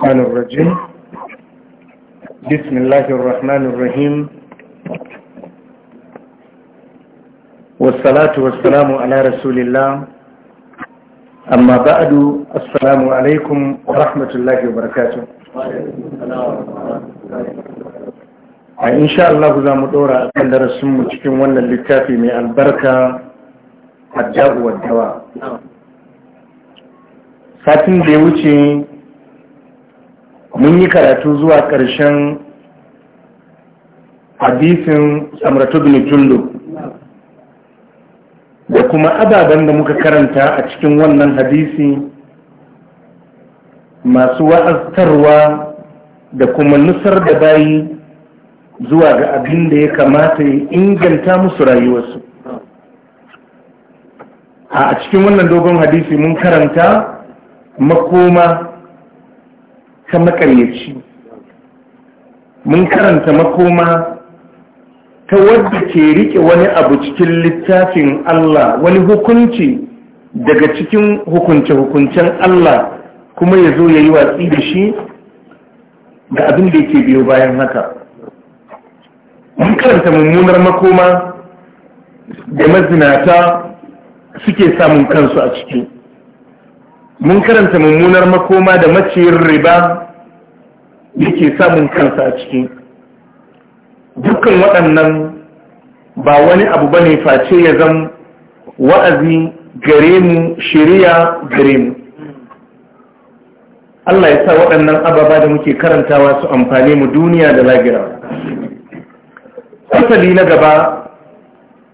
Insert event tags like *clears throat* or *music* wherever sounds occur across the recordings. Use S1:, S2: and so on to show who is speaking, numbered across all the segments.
S1: الشيطان الرجيم بسم الله الرحمن الرحيم والصلاة والسلام على رسول الله أما بعد السلام عليكم ورحمة الله وبركاته إن شاء الله ذا مدورة أن رسم تكون ولا للكافي من البركة الداء والدواء ساتن ديوتي mun yi karatu zuwa ƙarshen hadisin samratu bin da kuma ababen da muka karanta a cikin wannan hadisi masu wa'aztarwa da kuma nusar da bayi zuwa ga abin da ya kamata ya inganta musu rayuwarsu a cikin wannan dogon hadisi mun karanta makoma ta makaryaci mun karanta makoma ta wadda ke riƙe wani abu cikin littafin Allah wani hukunci daga cikin hukunce-hukuncen Allah kuma ya zo ya yi watsi da shi ga abin da yake biyo bayan haka mun karanta mummunar makoma da mazinata suke samun kansu a ciki mun karanta mummunar makoma da maciyin riba yake samun kansa a ciki dukkan waɗannan ba wani abu ba ne face ya zan wa'azi gare mu shirya gare mu Allah ya sa waɗannan ababa da muke karantawa su amfane mu duniya da lagira asali na gaba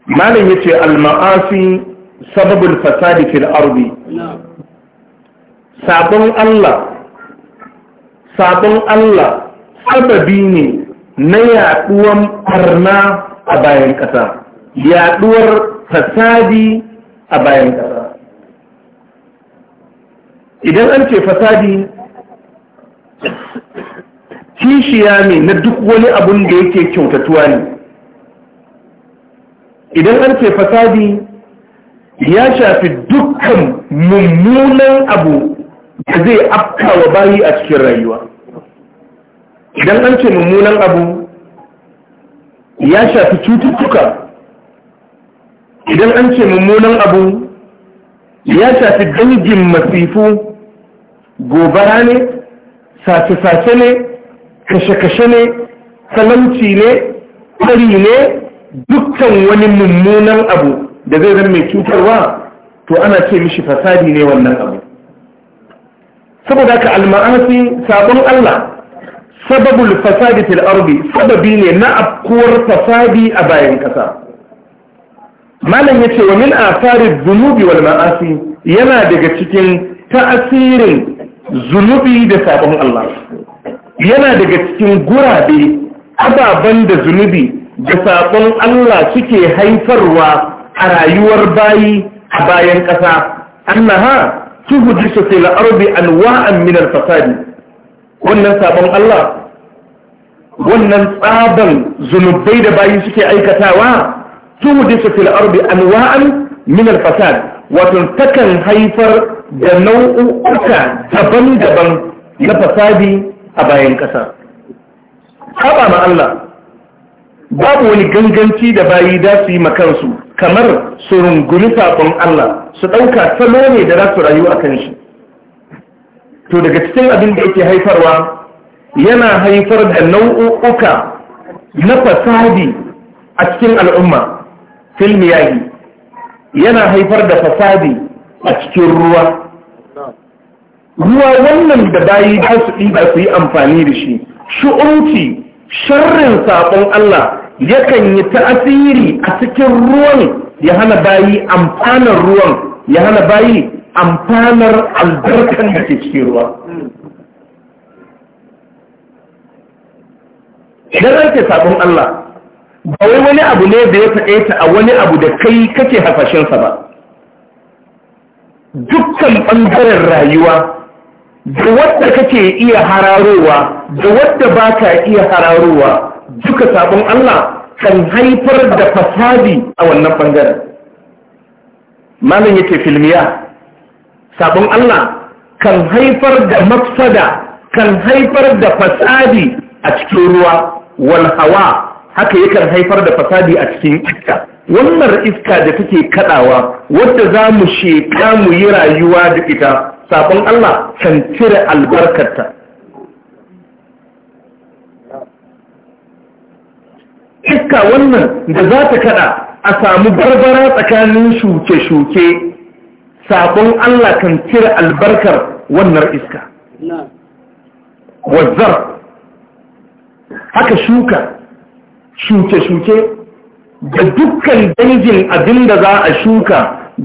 S1: malam ya ce alma'asi sababul fasadi fil ardi sabon Allah sabon Allah sababi ne na yaɗuwan barna a bayan ƙasa yaduwar fasadi a bayan ƙasa idan an ce fasadi kishiya ne na duk wani abun da yake kyautatuwa ne idan an ce fasadi ya shafi dukkan mummunan abu da zai afka wa bayi a cikin rayuwa idan an ce mummunan abu ya shafi cututtuka idan an ce mummunan abu ya shafi dangin masifu gobara ne sace-sace ne kashe-kashe ne talauci ne tsari ne dukkan wani mummunan abu da zai zama mai cutarwa to ana ce mishi fasadi ne wannan abu saboda ka alma'asi sabon Allah sababul fasadi fil ardi sababi ne na afkuwar fasadi a bayan kasa malam yace wa min asari dhunubi wal ma'asi yana daga cikin ta'asirin zunubi da sabon Allah yana daga cikin gurabe ababen da zunubi da sabon Allah suke haifarwa a rayuwar bayi a bayan kasa annaha tuhdisu fil ardi anwa'an min al fasadi wannan sabon Allah wannan tsaban zunubai da bayi suke aikatawa tuhdisu fil ardi anwa'an min al fasad wato takan haifar da nau'uka daban-daban na fasadi a bayan kasa saba ma Allah babu wani ganganci da bayi da su yi makansu kamar su rungumi saƙon Allah su ɗauka salo ne da za su rayu a kan shi to daga cikin abin da yake haifarwa yana haifar da nau'uka na fasadi a cikin al'umma filmiyahi yana haifar da fasadi a cikin ruwa ruwa wannan da bayi da su su yi amfani da shi shu'unci sharrin saƙon Allah yakan yi ta'asiri a cikin ruwan ya hana bayi amfanar ruwan ya hana bayi amfanar albarkan da ke cikin ruwa idan an ce sabon Allah ba wai wani abu ne da ya ta a wani abu da kai kake hafashinsa ba dukkan ɓangaren rayuwa da wadda kake iya hararowa da wadda ba ka iya hararowa duka sabon Allah kan haifar da fasadi a wannan bangaren malam yake filmiya sabon Allah kan haifar da mafsada kan haifar da fasadi a cikin ruwa wal hawa haka yakan haifar da fasadi a cikin iska wannan iska da take kaɗawa wadda za mu sheka mu yi rayuwa da ita sabon Allah kan cire albarkarta iska wannan da za ta kada a samu barbara tsakanin shuke-shuke sabon Allah kan cire albarkar wannan iska wazzar haka shuka shuke-shuke da dukkan dangin abin da za a shuka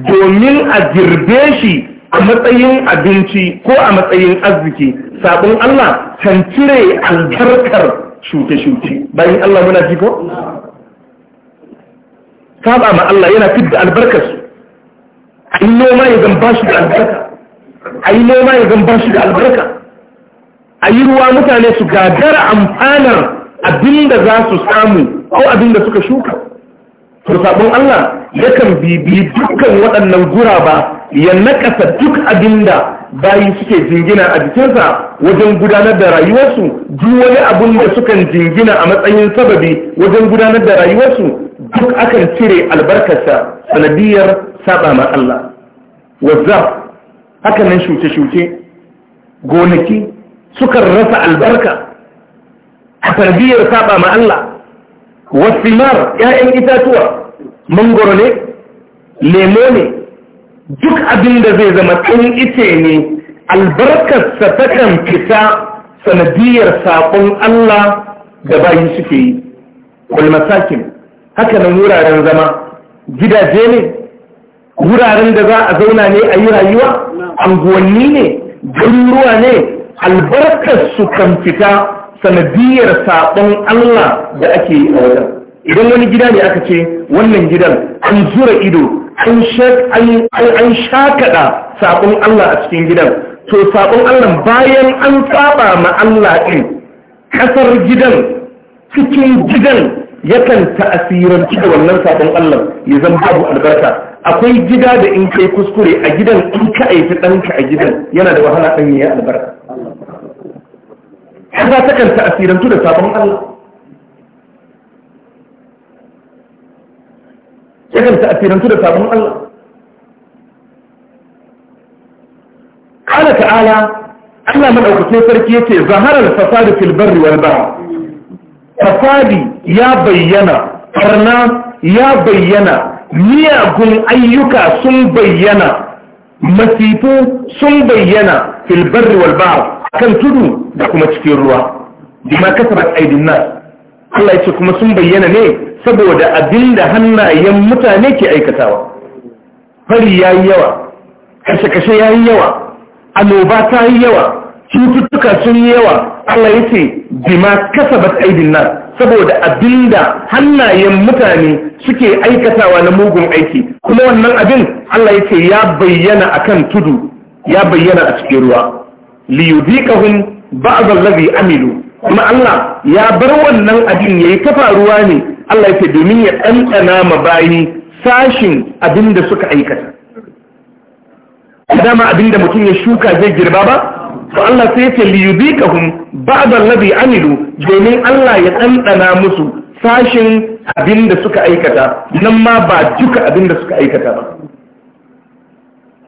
S1: domin a girbe shi a matsayin abinci ko a matsayin arziki sabon Allah kan cire albarkar shuke-shuke bayan Allah muna jiko? saba ma Allah yana fit da albarkarsu a yi noma ya zan bashi da albarka a yi noma ya zan bashi da albarka a yi ruwa mutane su gagara amfanar abinda za su samu ko abinda suka shuka to sabon Allah yakan bibi dukkan waɗannan guraba ya nakasa duk abinda bayi suke jingina a jikinsa wajen gudanar da rayuwarsu duk wani abin da sukan jingina a matsayin sababi wajen gudanar da rayuwarsu duk akan cire albarkarsa sanadiyar saba ma Allah wazza haka nan shuce-shuce gonaki sukan rasa albarka a sanadiyar saba ma Allah wasimar 'ya'yan itatuwa mangoro ne lemo ne duk abin da zai zama tun ice ne albarkarsa kan fita sanadiyar saƙon Allah da bayi suke yi kulmasakin haka nan wuraren zama gidaje ne wuraren da za a zauna ne a yi rayuwa anguwanni ne garuruwa ne albarkarsu kan fita sanadiyar saƙon Allah da ake yi a wajen idan wani gida ne aka ce wannan gidan an zura ido an shakada sabon Allah a cikin gidan to sabon Allah bayan an saba ma Allah ɗin kasar gidan cikin gidan yakan ta'asiranci da wannan sabon Allah ya zama babu albarka akwai gida da in kai kuskure a gidan in ka aiki ɗanka a gidan yana da wahala ɗanye ya albarka. Haka takan ta'asirantu da sabon Allah. yakan ta'asirantu da sabon Allah kala ta'ala Allah madaukakin sarki yace zaharar fasadu fil barri wal fasadi ya bayyana ƙarna ya bayyana miyagun ayyuka sun bayyana masifu sun bayyana fil barri ba bahr kan tudu da kuma cikin ruwa bima kasabat aydin nas Allah ce kuma sun bayyana ne saboda abinda hannayen mutane ke aikatawa fari ya yi yawa kashe-kashe ya yi yawa annoba ta yi yawa cututtuka sun yi yawa allah ya ce bima kasa ba aidin nan saboda abinda hannayen mutane suke aikatawa na mugun aiki kuma wannan abin allah ya ce ya bayyana akan tudu ya bayyana a cikin ruwa liyudikahum ba'd allazi amilu kuma Allah ya bar wannan abin yayi ta faruwa ne Allah ya ce domin ya ɗanɗana ma bayi sashin abinda suka aikata dama abin da mutum ya shuka zai girba ba to Allah sai yake liyudikahum ba'd allazi amilu domin Allah ya ɗanɗana musu sashin abinda suka aikata nan ma ba duka abin da suka aikata ba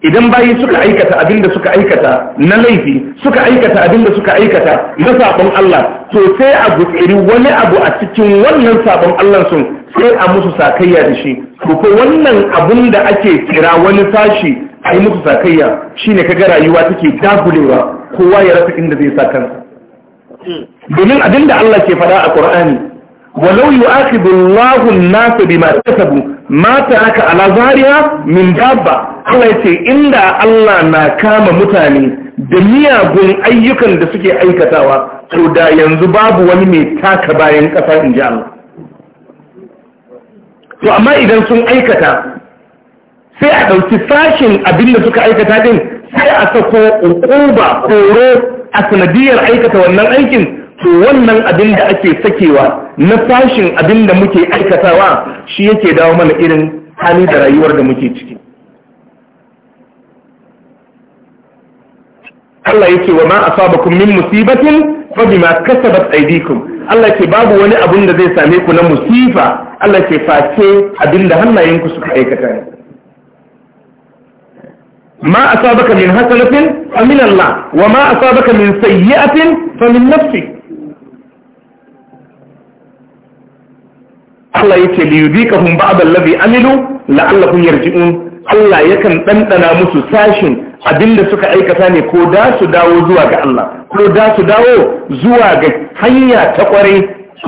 S1: idan bayi suka aikata abin da suka aikata na laifi suka aikata abin da suka aikata na sabon Allah to sai a gutsiri wani abu a cikin wannan sabon Allah sun sai a musu sakayya da shi ko wannan abun da ake kira wani sashi a yi musu sakayya shine kaga rayuwa take dagulewa kowa ya rasa inda zai sa kansa hmm. domin abin da Allah ke faɗa a Qur'ani ولو يؤاخذ الله الناس بما كسبوا ما ترك على ظهرها من دابة الله يتي إلا الله ما كام متاني دنيا بن أيكا دسكي أيكتاوا تودا ينزباب ونمي تاك باين كفا إن جاء الله to amma idan sun aikata sai a ɗauki sashin abin da suka aikata din sai a sako uquba koro a wannan aikin to wannan abin da ake sakewa na fashin abin da muke aikatawa shi yake dawo mana irin hali da rayuwar da muke ciki Allah yake wa ma a asabakum min musibatin fabi ma kasabat aydikum Allah ke babu wani abin da zai same ku na musifa Allah ke face abin da hannayenku suka aikata ne ما أصابك min حسنة فمن الله وما wa ma سيئة min نفسك fa Allah yake li yudikahum ba'd allazi amilu la'allahum yarji'un Allah yakan dandana musu sashin abinda suka aikata ne ko da su dawo zuwa ga Allah ko da su dawo zuwa ga hanya ta kwarai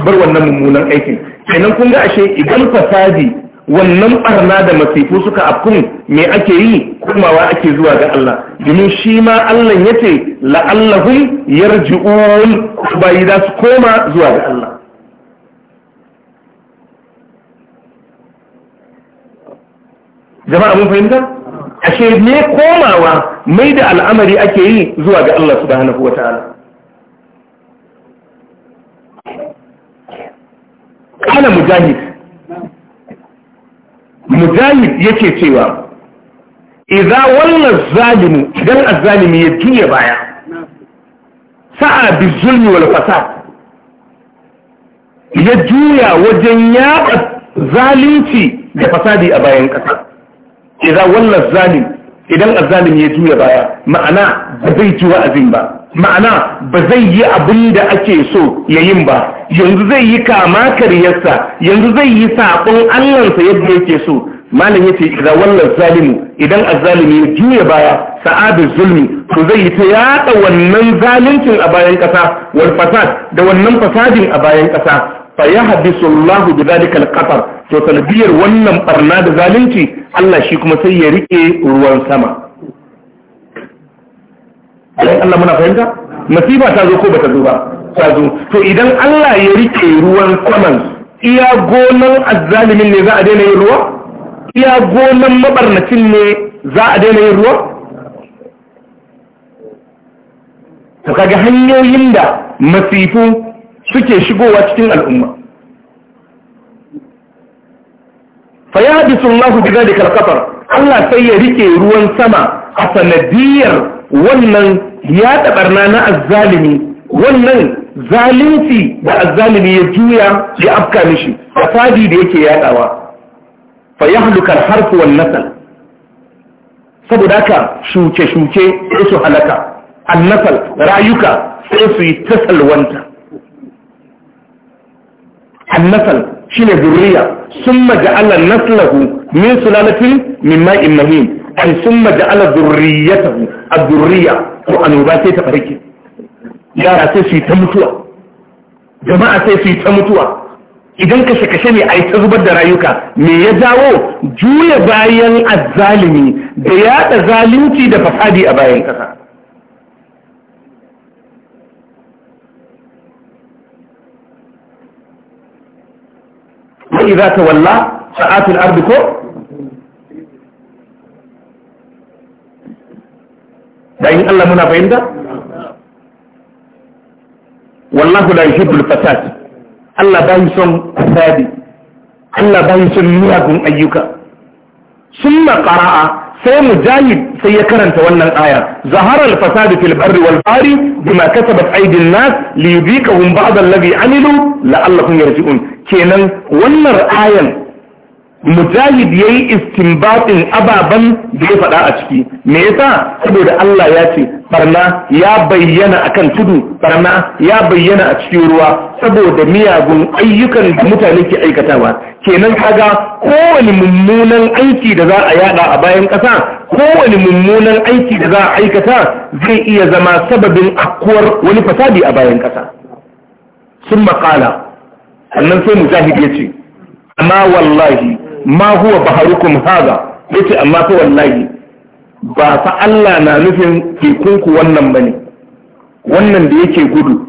S1: bar wannan mummunan aikin kenan kun ga ashe idan fasadi wannan barna da masifu suka afkun me ake yi kumawa ake zuwa ga Allah domin shi ma Allah yace la'allahum yarji'un yi da su koma zuwa ga Allah jama'a mun fahimta ashe ne komawa mai da al'amari ake yi zuwa ga Allah subhanahu wa ta'ala kana mujahid mujahid yake cewa idza walla zalimu idan azzalimi ya juya baya sa'a zulmi wal fasad ya juya wajen yaɗa zalunci da fasadi a bayan ƙasa idza walla zalim idan azalim ya juya baya ma'ana ba zai ji wa'azin ba ma'ana ba zai yi abin da ake so ya yin ba yanzu zai yi kama kariyarsa yanzu zai yi saƙon allansa yadda yake so malam ya ce idan wannan zalimu idan azalim ya juya baya sa'ad zulmi to zai yi ta yada wannan zalincin a bayan ƙasa wal fasad da wannan fasadin a bayan ƙasa fa ya hadisu Allah bi zalikal qatar to talbiyar wannan barna da zalunci Allah shi kuma sai ya rike ruwan sama alai Allah muna fahimta masifa ta zo ko bata zo ba ta zo to idan Allah ya rike ruwan saman iya gonan azzalimin ne za a daina yin ruwa iya gonan mabarnacin ne za a daina yin ruwa to kaga hanyoyin da masifu suke shigowa cikin al'umma fa ya bi sunnahu bi zalika al-qatar Allah sai ya rike ruwan sama a sanadiyar wannan ya tabarna na azzalimi wannan zalunci da azzalimi ya juya ya afka mishi fasadi da yake yadawa fa yahluka al-harfu wan nasl saboda haka shuke-shuke su halaka annasal rayuka sai su yi tasalwanta annasal shine zurriya summa ja'ala naslahu min sulalatin min ma'in mahin ai summa ja'ala zurriyatahu ad-durriya to annoba sai ta farke yara sai su yi ta mutuwa jama'a sai su yi ta mutuwa idan kashe-kashe ne a yi ta zubar da rayuka me ya jawo juya bayan azzalimi da yada zalunci da fasadi a bayan kasa
S2: wa idza tawalla sa'at al-ard da in Allah muna fahimta
S1: wallahu la yuhibbul fasad Allah bai son fasadi Allah bai son miyagun ayyuka summa sai mujahid sai ya karanta wannan aya zaharar fasadu fil barri wal bari bima kasabat aydin nas li yubiqahum ba'd allazi amilu la'allahum yarji'un kenan wannan ayan mujahid yayi yi istimbatin ababen da ya faɗa a ciki me yasa saboda Allah ya ce barna ya bayyana akan tudu barna ya bayyana a cikin ruwa saboda miyagun ayyukan da mutane ke aikatawa kenan kaga kowane mummunan aiki da za a yada a bayan ƙasa kowane mummunan aiki da za a aikata zai iya zama sababin akwar wani fasadi a bayan ƙasa sun maƙala sannan sai mujahid ya ce amma wallahi ma huwa baharukum haza yace amma fa wallahi ba fa Allah na nufin tekunku wannan bane wannan da yake gudu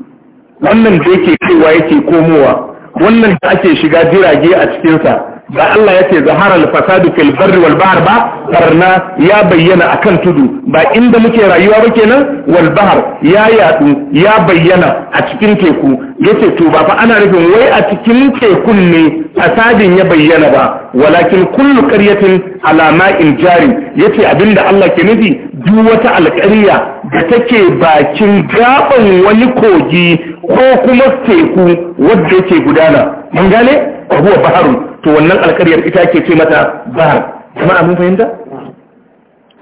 S1: wannan da yake cewa yake komowa wannan da ake shiga jirage a cikinsa da Allah ya ce zaharar fasadu fil barri wal bahr ba barna ya bayyana akan tudu ba inda muke rayuwa ba kenan wal bahr ya yadu ya bayyana a cikin teku yace to ba fa ana nufin wai a cikin tekun ne fasadin ya bayyana ba walakin kullu qaryatin ala ma'in jari yace abinda Allah ke nufi duk wata alƙarya da take bakin gaban wani kogi ko kuma teku wadda yake gudana mun gane huwa baharun to wannan alƙaryar ita ke ce mata bahar jama'a mun fahimta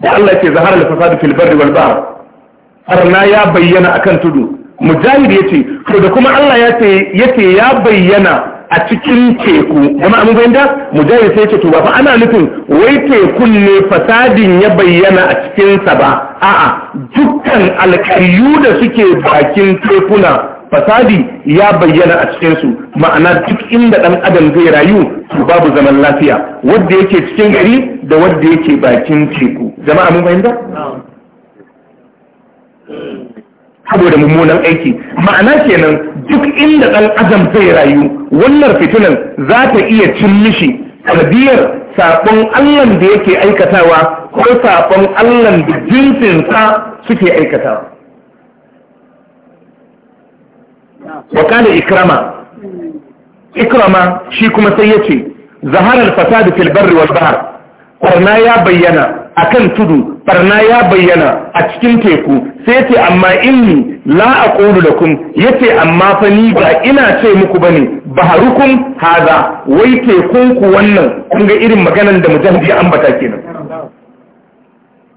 S1: da Allah ke zahara da fasadu fil barri wal bahr arna ya bayyana akan tudu mujahid yace to da kuma Allah ya ce yace ya bayyana a cikin teku jama'a mun fahimta mujahid sai yace to ba fa ana nufin wai tekun ne fasadin ya bayyana a cikin sa ba a'a dukkan alƙaryu da suke bakin tekuna fasadi ya bayyana a cikin su ma'ana duk inda dan adam zai rayu babu zaman lafiya wanda yake cikin gari da wanda yake bakin teku jama'a mun fahimta saboda mummunan aiki ma'ana kenan duk inda dan adam zai rayu wannan fitinan za ta iya cin mishi tarbiyar sabon allan da yake aikatawa ko sabon allan da jinsinsa suke aikatawa wa kana ikrama ikrama shi kuma sai yace zaharar fasaha fil barri wal bahr barna ya bayyana akan tudu barna ya bayyana a cikin teku sai ce amma inni la aqulu lakum yace amma fa ni ba ina ce muku bane baharukum haza wai tekun ku wannan kun irin maganan da mujahidi an ambata kenan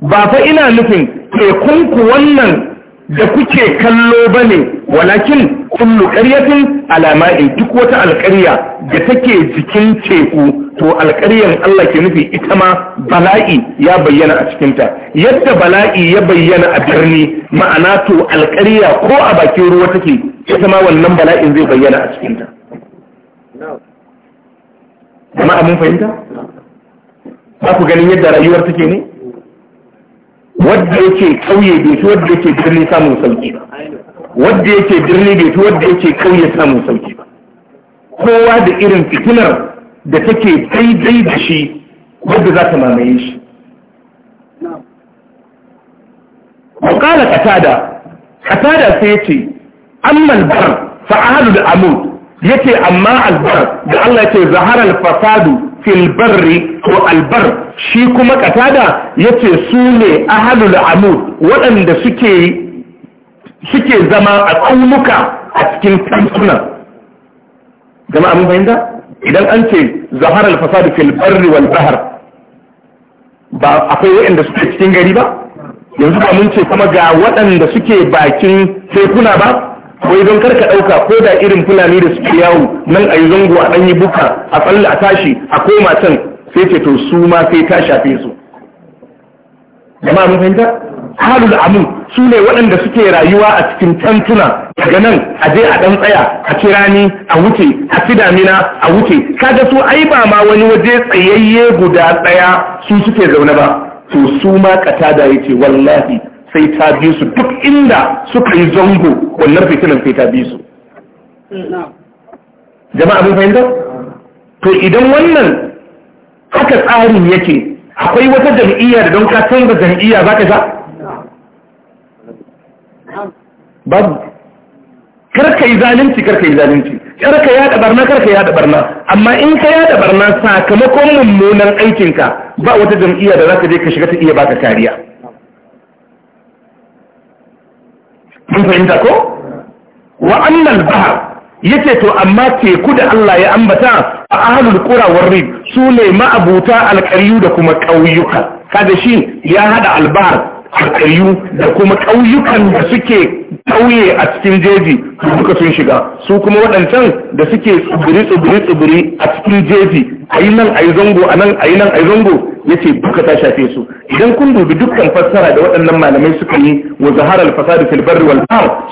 S1: ba fa ina nufin tekun ku wannan da kuke kallo bane walakin kullu qaryatin alama'in duk wata alƙarya da take jikin teku to alƙaryan Allah ke nufi ita ma bala'i ya bayyana a cikinta yadda bala'i ya bayyana a birni ma'ana to alƙarya ko a bakin ruwa take ita ma wannan bala'in zai bayyana a cikinta
S2: amma abin fahimta
S1: ba ku ganin yadda rayuwar take ne wadda yake kauye bai shi wadda yake birni samun sauki ba wadda yake birni bai fi wadda yake kauye samun sauki ba kowa da irin fitinar da take daidai da shi wadda za ta mamaye shi Mukala katada, katada sai ce, amma albar fa'alu da amud ce amma albar da Allah ce zaharar fasadu fil ko albar shi kuma katada yace su ne ahalul amud waɗanda suke suke zama a tsaunuka a cikin tantuna jama'a mun fahimta idan an ce zahar alfasa da fil barri wal ba akwai waɗanda suke cikin gari ba yanzu ba mun ce kuma ga waɗanda suke bakin tekuna ba wai don karka ɗauka ko da irin fulani da suke yawo nan a yi zango a ɗanyi buka a tsalla a tashi a koma can sai ce to su ma sai ta shafe su jama'a mun fahimta halul amin su ne waɗanda suke rayuwa a cikin tantuna daga nan a je a ɗan tsaya a kirani a wuce a ci damina a wuce kaga su ai ba ma wani waje tsayayye guda ɗaya su suke zaune ba to su ma da yace wallahi sai ta bi su duk inda suka yi zango wannan fitinan sai ta bi su jama'a mun fahimta to idan wannan haka tsarin yake akwai wata jam'iyya da don ka canza jam'iyya za ka sha babu karka yi zalunci karka yi zalunci karka da barna karka da barna amma in ka da barna sakamakon mummunan aikinka ba wata jam'iyya da za ka je ka shiga ta iya baka kariya mun fahimta ko wa annal bahar yace to amma teku da Allah ya ambata a ahlul qura warrid su ne ma'abuta alqariyu da kuma kauyuka kada shi ya hada albahar alqariyu da kuma kauyukan da suke ƙauye a cikin jeji duka sun shiga su kuma waɗancan da suke tsibiri tsibiri tsibiri a cikin jeji a yi nan a yi zango a nan a yi nan a yi zango ya ce duka ta shafe su idan kun dubi dukkan fassara da waɗannan malamai suka yi wa zaharar fasadu da barri wal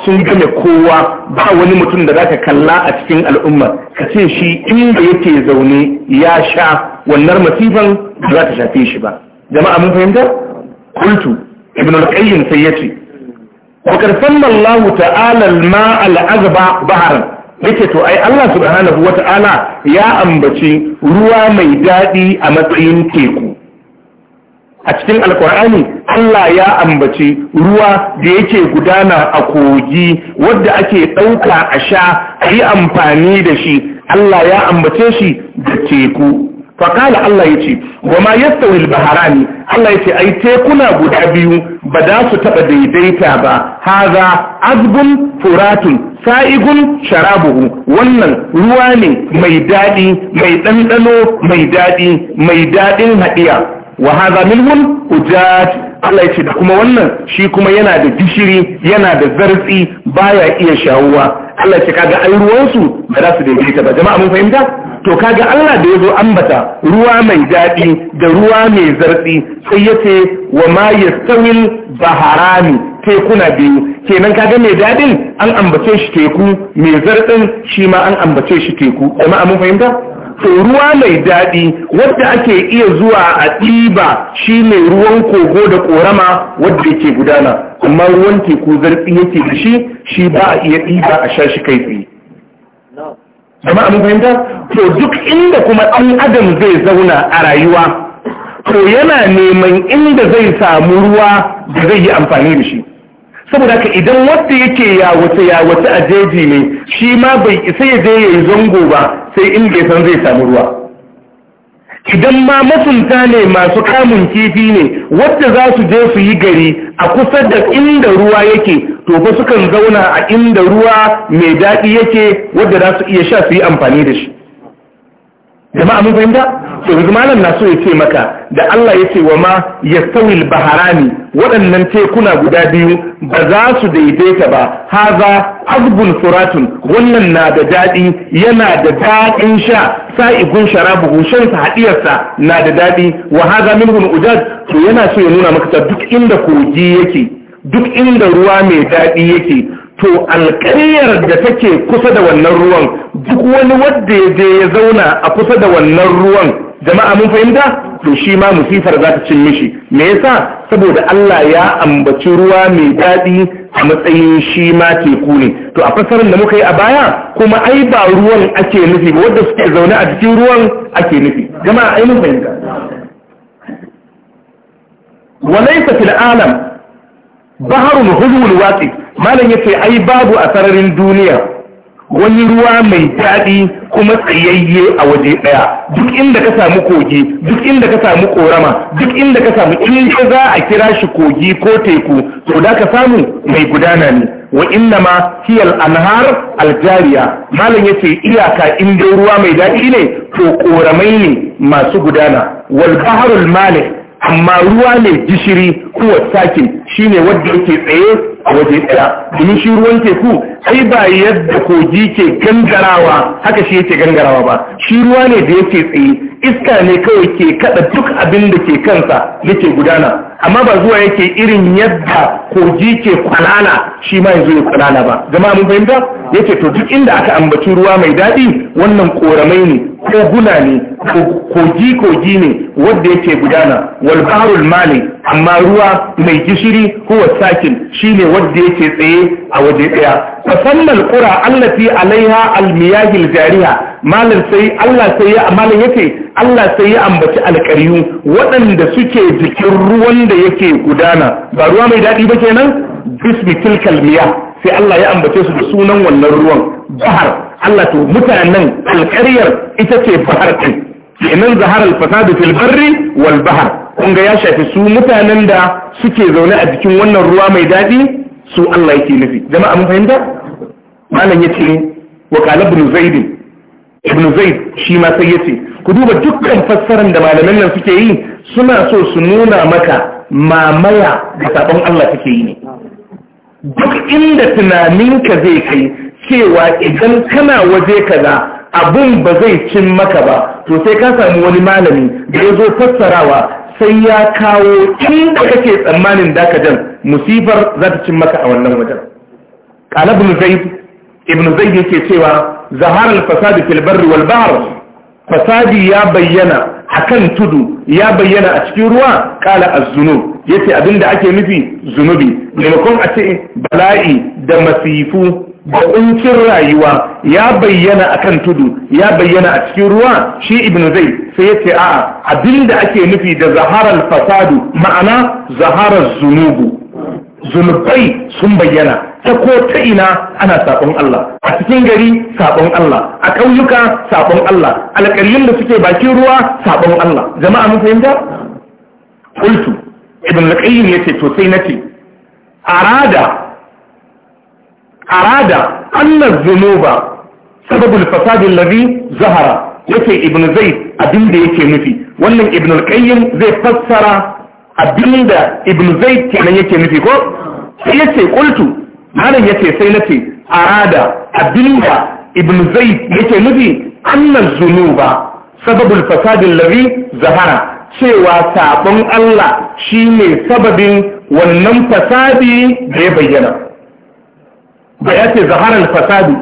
S1: sun gane kowa ba wani mutum da zaka kalla a cikin al'umma ka ce shi inda yake zaune ya sha wannan masifan ba za ta shafe shi ba jama'a mun fahimta kultu ibn al-qayyim sai yace bakar sallallahu ta'ala ma al'azaba bahar yake to ai Allah subhanahu ta'ala ya ambaci ruwa mai daɗi a matsayin teku a cikin alkur'ani Allah ya ambaci ruwa da yake gudana a kogi wadda ake ɗauka a sha a yi amfani da shi Allah ya ambace shi da teku fakala Allah ya ce wa ma yastawil Allah ya ce ai tekuna guda biyu ba za su taba daidaita ba haza azbun furatun sa'igun sharabuhu wannan ruwa ne mai daɗi, mai ɗanɗano, mai daɗi, mai daɗin haɗiya. wa haza milhun hujjat Allah ya ce da kuma wannan shi kuma yana da gishiri yana da zartsi baya iya shawuwa Allah ya ce kaga ai ruwansu ba za su daidaita ba jama'a mun fahimta to kaga Allah da ya zo ambata ruwa mai daɗi da ruwa mai zartsi sai ya ce wa ma yastawil baharani tekuna biyu kenan kaga mai daɗin an ambace shi teku mai zartsin shi ma an ambace shi teku jama'a mun fahimta to ruwa mai daɗi wadda ake iya zuwa a ɗiba shi ne ruwan kogo da ƙorama wadda yake gudana amma ruwan teku zarfi yake da shi shi ba a iya ɗiba a sha shi kai tsaye jama'a mun fahimta to duk inda kuma ɗan adam zai zauna a rayuwa to yana neman inda zai samu ruwa da zai yi amfani da shi saboda haka idan wanda yake ya yawace ya wata a jeji ne shi ma bai isa ya je ya yi zango ba sai inda ya san zai samu ruwa idan ma masunta ne masu kamun kifi ne wadda za su je su yi gari a kusa da inda ruwa yake to fa sukan zauna a inda ruwa mai daɗi yake wadda za su iya sha su yi amfani da shi jama'a mun fahimta yanzu malam na so ya ce maka da Allah ya ce wa ma ya sauyi baharani waɗannan tekuna guda biyu ba za su daidaita ba haza azbun suratun wannan na da daɗi yana da daɗin sha sa'igun sharabu shan sa haɗiyarsa na da daɗi wa haza minhun ujad to yana so ya nuna maka duk inda kogi yake duk inda ruwa mai daɗi yake to alƙaryar da take kusa da wannan ruwan duk wani wadda ya je ya zauna a kusa da wannan ruwan jama'a mun fahimta to shi ma musifar za ta cin mishi me yasa saboda Allah ya ambaci ruwa mai daɗi a matsayin shi ma teku ne to a fasarin da muka yi a baya kuma ai ba ruwan ake nufi ba wanda suke zaune a cikin ruwan ake nufi jama'a ai mun fahimta walaysa fil alam baharun huzul waqi malan yace ai babu a sararin duniya wani ruwa mai daɗi kuma tsayayye a waje ɗaya duk inda ka samu kogi duk inda ka samu korama duk inda ka samu ka za a kira shi kogi ko teku to da ka samu mai gudana ne wa inna ma hiyal anhar aljariya malam yace iyaka inda ruwa mai daɗi ne to koramai ne masu gudana wal bahrul malik amma ruwa ne gishiri kuwa shi ne wadda yake tsaye a waje ɗaya domin shi ruwan teku sai ba yadda kogi ke gangarawa haka shi yake gangarawa ba shi ruwa ne da yake tsaye iska ne kawai ke kada duk abin da ke kansa yake gudana amma ba zuwa yake irin yadda kogi ke kwalala shi ma yanzu ya kwalala ba zama mun fahimta yake to duk inda aka ambaci ruwa mai daɗi wannan koramai ne koguna ne kogi kogi ne wadda yake gudana wal bahrul mali amma ruwa mai gishiri ko sakin shine wadda yake tsaye a waje daya fasammal qura allati alaiha almiyahil miyahil jariha malan sai Allah sai ya amalan yake Allah sai ya ambaci alƙaryu waɗanda suke jikin ruwan da yake gudana ba ruwa mai daɗi ba kenan bismi tilkal sai Allah ya ambace su da sunan wannan ruwan bahar Allah to mutanen alƙaryar ita ce bahar ɗin kenan zahar alfasadu fil barri wal bahar kun ga ya shafi su mutanen da suke zaune a jikin wannan ruwa mai daɗi su Allah yake nufi jama'a mun fahimta malam yace wa qala ibn Zaidin. ibn zaid shi ma sai yace ku duba dukkan fassarar da malaman nan suke yi suna so su nuna maka mamaya da sabon Allah suke yi ne duk inda tunaninka zai kai cewa idan kana waje kaza abun ba zai cin maka ba to sai ka samu wani malami da ya zo fassarawa sai ya kawo inda kake tsammanin dakajan musifar za ta cin maka a wannan wajen ƙalabin zaid ibn zaid yake cewa zahar al-fasadi fil barri wal bahr fasadi ya bayyana akan tudu ya bayyana a cikin ruwa kala az-zunub yace abinda ake nufi zunubi maimakon a ce bala'i da masifu da kuncin rayuwa ya bayyana akan tudu ya bayyana a cikin ruwa shi ibn zaid sai yace a'a abinda ake nufi da zahar al-fasadu ma'ana zahar az-zunubu zunubai sun bayyana ta ko ta ina ana sabon Allah a cikin gari sabon Allah a ƙauyuka sabon Allah alƙaryun da suke bakin ruwa sabon Allah jama'a mun fahimta Kultu. ibn al-qayyim yace to sai nace arada arada anna dhunuba sababul fasad alladhi zahara yace ibn zaid abin da yake nufi wannan ibn al zai fassara abin abinda ibn zaid kenan yake nufi ko sai yace kultu. malam yace sai nace arada abinda ibn zaid yake nufi annal zunuba sababul fasadin lazi zahara cewa sabon Allah shine sababin wannan fasadi da ya bayyana ba ya ce zaharar fasadi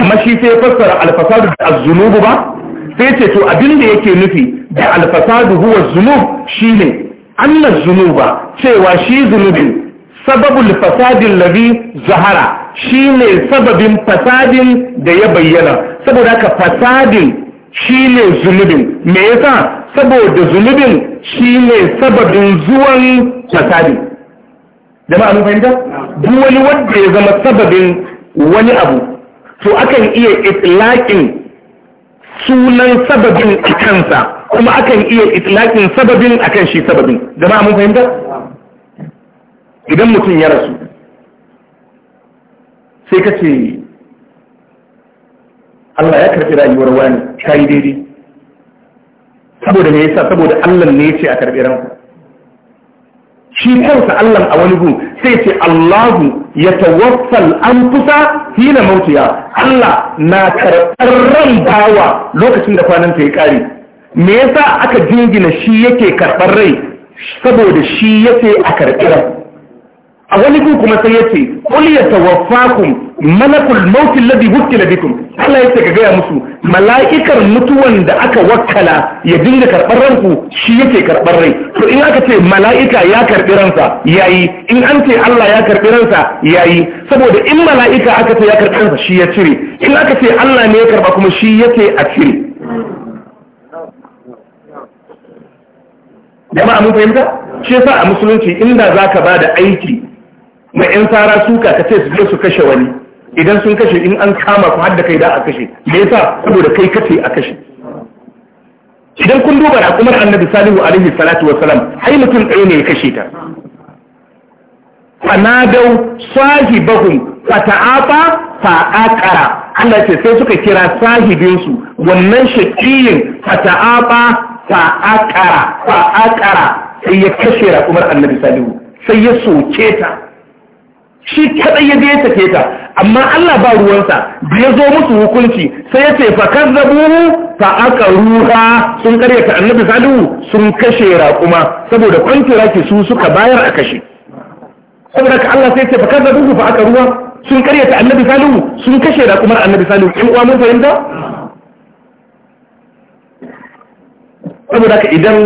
S1: amma shi sai fassara alfasadu da azunubu ba sai ce to abin da yake nufi da alfasadu huwa zunub shine annas zunuba cewa shi zunubin sababul fasadin labi zahara shine sababin fasadin da ya bayyana saboda haka fasadin shine zunubin me yasa saboda zunubin shine sababin zuwan fasadin jama'a mun fahimta duk wani wanda ya zama sababin wani abu to akan iya itlaqin sunan sababin a kansa kuma akan iya itlaqin sababin akan shi sababin jama'a mun fahimta idan mutum ya rasu sai ka ce Allah ya karɓi rayuwar wani ta yi daidai saboda me yasa saboda Allah ne ya ce a karɓi ranku shi kansa Allah a wani gun sai ce Allahu ya tawaffal an kusa na mautiya Allah na karɓar ran bawa lokacin da kwanan ta ya ƙare me yasa aka jingina shi yake karɓar rai saboda shi yake a karɓi ranku a wani kun kuma sai yace qul yatawaffakum malakul maut alladhi wukila bikum Allah yace ka gaya musu mala'ikar mutuwan da aka wakkala ya dinga karɓar ranku shi yake karɓar rai to in aka ce mala'ika ya karɓi ransa yayi in an ce Allah ya karɓi ransa yayi saboda in mala'ika aka ce ya karɓi ransa shi ya cire in aka ce Allah ne ya karɓa kuma shi yake a cire jama'a mun fahimta shi yasa a musulunci inda zaka bada aiki mai yan tsara suka ka ce su je su kashe wani idan sun kashe in an kama ku har kai da a kashe me yasa saboda kai kace a kashe idan kun duba raƙumar annabi salihu alaihi salatu hai mutum ɗaya ne ya kashe ta fanadau sahibahum fata'afa fa'aqara Allah ce sai suka kira su wannan shakiyin fata'afa fa'aqara fa'aqara sai ya kashe raƙumar annabi salihu sai ya soke ta shi kadai ya je ya ta amma Allah ba ruwansa da ya zo musu hukunci sai ya ce fa kazzabu fa aka sun sun karyata annabi salihu sun kashe raƙuma saboda kwantira ke su suka bayar a kashe saboda ka Allah sai ya ce fa kazzabu fa aka sun sun karyata annabi salihu sun kashe raƙumar annabi salihu in uwa mun fahimta saboda ka idan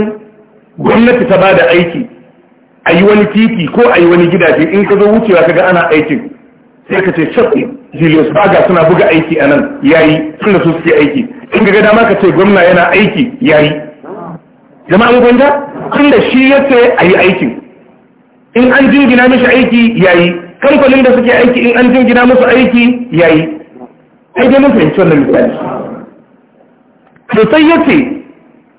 S1: gwamnati ta bada aiki a yi wani titi ko a yi wani gidaje in ka zo wucewa kaga ana aikin sai ka ce shafi julius baga suna buga aiki a nan yayi da su suke aiki in ga dama ka ce gwamna yana aiki yayi zama an gwanda da shi ya ce a yi aikin in an jingina mishi aiki yayi kamfanin da suke aiki in an jingina musu aiki yayi ai dai mun fahimci wannan misali to sai yace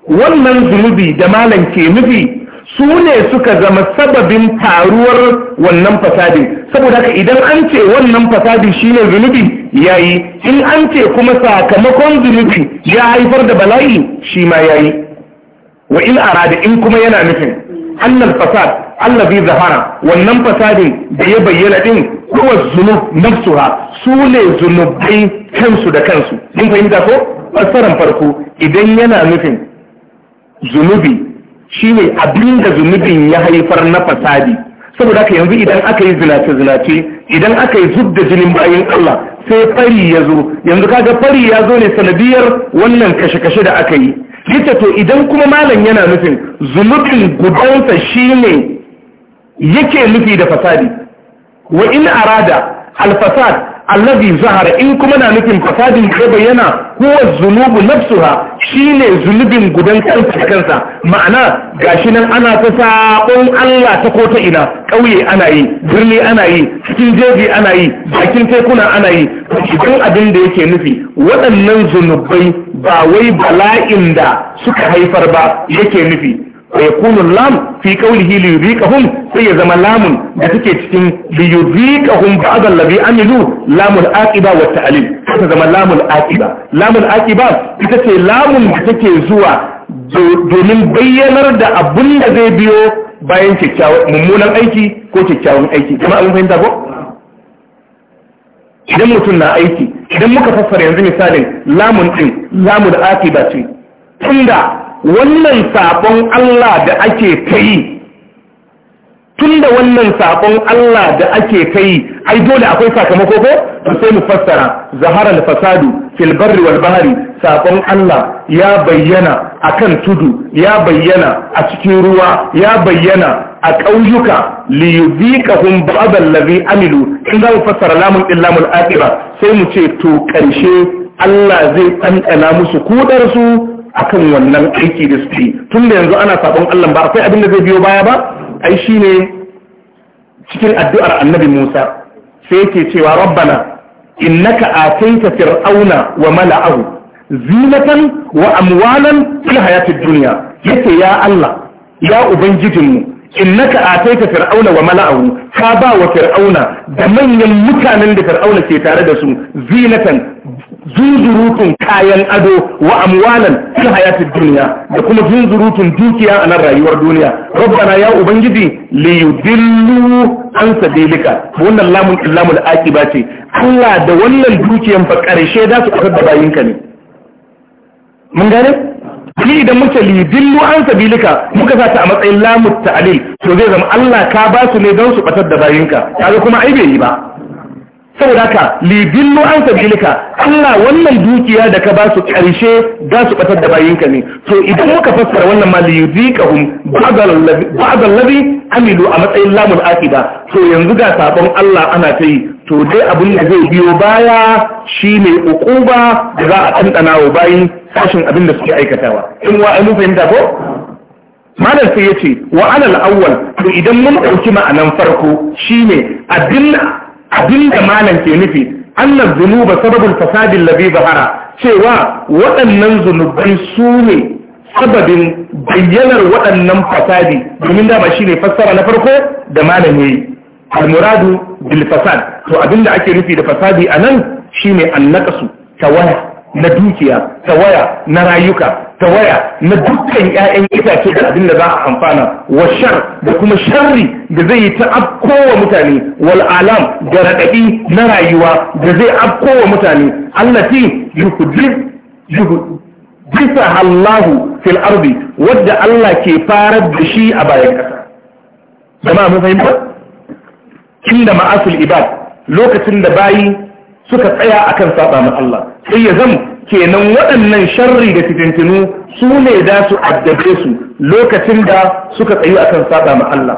S1: wannan zunubi da malam ke nufi su ne suka zama sababin taruwar wannan fasadin saboda haka idan an ce wannan fasadin shine zunubi yayi in an ce kuma sakamakon zunubi ya haifar da bala'i shi ma yayi wa in arada in kuma yana nufin annal fasad allazi zahara wannan fasadin da ya bayyana din huwa zunub nafsuha su ne zunubai kansu da kansu in fahimta ko fassaran farko idan yana nufin zunubi shi ne abin da zunubin ya haifar na fasadi saboda haka yanzu idan aka yi zinace-zinace idan aka yi zub da jinin bayan Allah sai fari ya zo yanzu kaga fari ya zo ne sanadiyar wannan kashe-kashe da aka yi yace to idan kuma malam yana nufin zunubin gudansa ne yake nufi da fasadi wa in arada alfasad allazi zahara in kuma na nufin fasadin da bayyana huwa zunubu nafsuha shine zunubin gudan kansa kansa ma'ana gashi nan ana ta sabon Allah ta ta ina kauye ana yi birni ana yi cikin jeji ana yi bakin tekuna ana yi idan abin da yake nufi waɗannan zunubai ba wai bala'in da suka haifar ba yake nufi wa اللام lam fi ليذيقهم li yudhiqahum sai ya zama lamun da take cikin li yudhiqahum ba'd allazi لام lamul aqiba wa ta'lil ta zama lamul aqiba lamul aqiba ita ce lamun da take zuwa domin bayyanar da abun da zai biyo bayan kyakkyawan mummunan aiki ko kyakkyawan aiki kuma abin fahimta ko idan mutum na aiki idan muka fassara yanzu misalin lamun din lamun aqiba ce tunda wannan sabon Allah da ake kai tun da wannan sabon Allah da ake kai ai dole akwai sakamako ko sai mu fassara zahara al-fasadu fil barri wal bahri sabon Allah ya bayyana akan tudu ya bayyana a cikin ruwa ya bayyana a ƙauyuka li yudhikahum ba'd allazi amilu in za mu fassara lamun illamul akhirah sai mu ce to karshe Allah zai tsantsana musu kudar su akan wannan aiki da suke tun da yanzu ana sabon Allah ba akwai abin da zai biyo baya ba ai shine cikin addu'ar annabi Musa sai yake cewa rabbana innaka ataita fir'auna wa mala'ahu zinatan wa amwalan fil hayatid dunya yake ya Allah ya ubangijinmu innaka ataita fir'auna wa mala'ahu ka ba wa fir'auna da manyan mutanen da fir'auna ke tare da su zinatan zunzurutun kayan ado wa amwalan fil hayatid dunya da kuma zunzurutun dukiya a nan rayuwar duniya rabbana ya ubangiji li yudillu an sabilika wannan lamun illamul aqiba ce Allah da wannan dukiyan fa karshe da su fitar da bayinka ne mun gane ni idan muke libin an sabilika muka sa ta a matsayin lamu ta'lil to zai zama Allah ka ba su ne don su batar da bayinka kaga kuma ai bai yi ba saboda haka libin an sabilika Allah wannan dukiya da ka ba su karshe za su batar da bayinka ne to idan muka fassara wannan ma liyuziqahum ba'd amilu a matsayin lamul ba, to yanzu ga sabon Allah ana ta yi to dai abin da zai biyo baya shine ukuba da za a tantana wa bayin sashin abin da suke aikatawa in wa an fahimta ko malam sai yace wa alal awwal to idan mun dauki ma'anan farko shine abin abin da malam ke nufi annal zunuba sababul fasadin ladhi zahara cewa waɗannan zunubai sune sababin bayyanar waɗannan fasadi domin dama shine fassara na farko da malam yayi al muradu bil to abin da ake nufi da fasadi a anan shine annaqasu tawaya na dukiya tawaya na rayuka tawaya na dukkan ya'yan itace da abin da za a amfana wa shar da kuma sharri da zai yi ta afkowa mutane wal da raɗaɗi na rayuwa da zai afkowa mutane allati yuhdith bisa Allahu fil ardi wadda Allah ke farar da shi a bayan Jama'a mun fahimta? inda ma'asul ibad lokacin da bayi suka tsaya akan saba ma Allah sai ya zama kenan waɗannan sharri da fitintinu su ne da su addabe su lokacin da suka tsayu akan saba ma Allah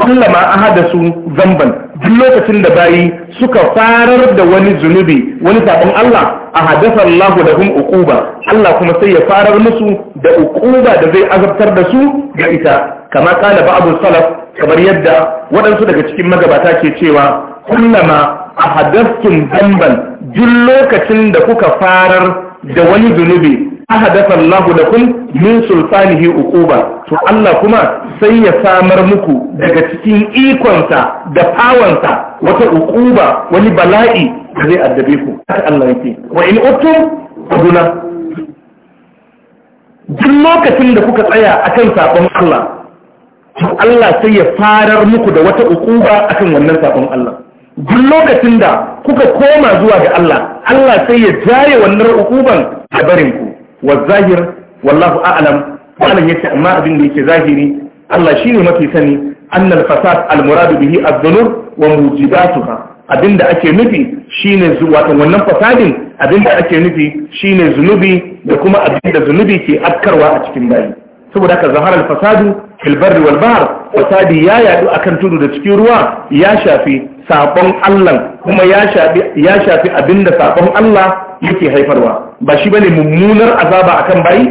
S1: kulla ma ahada su zamban duk lokacin da bayi suka farar da wani zunubi wani sabon Allah a hadasa Allah da hum uquba Allah kuma sai ya farar musu da uquba da zai azabtar da su ga ita kama kala ba'dus salaf kamar yadda waɗansu daga cikin magabata ke cewa kullama ahadathtum damban duk lokacin da kuka farar da wani zunubi ahadasa Allah lakum min sultanihi uquba to Allah kuma sai ya samar muku daga cikin ikonsa da fawansa wata uquba wani bala'i da zai addabe ku haka Allah yake wa in utum aduna duk lokacin da kuka tsaya akan sabon Allah to Allah sai ya farar muku da wata ukuba akan wannan sabon Allah duk lokacin da kuka koma zuwa ga Allah Allah sai ya jaye wannan ukuban a barin ku wa zahir wallahu a'lam wannan yace amma abin da yake zahiri Allah shine mafi sani annal fasad al muradu bihi az-dhunub wa mujibatuha abinda ake nufi shine wato wannan fasadin abinda ake nufi shine zunubi da kuma abinda zunubi ke afkarwa a cikin bayi saboda haka zahar al-fasadu fil barri wal bahr fasadi ya yadu akan tudu da cikin ruwa ya shafi sabon Allah kuma ya shafi ya shafi abinda sabon Allah yake haifarwa ba shi bane mummunar azaba akan bayi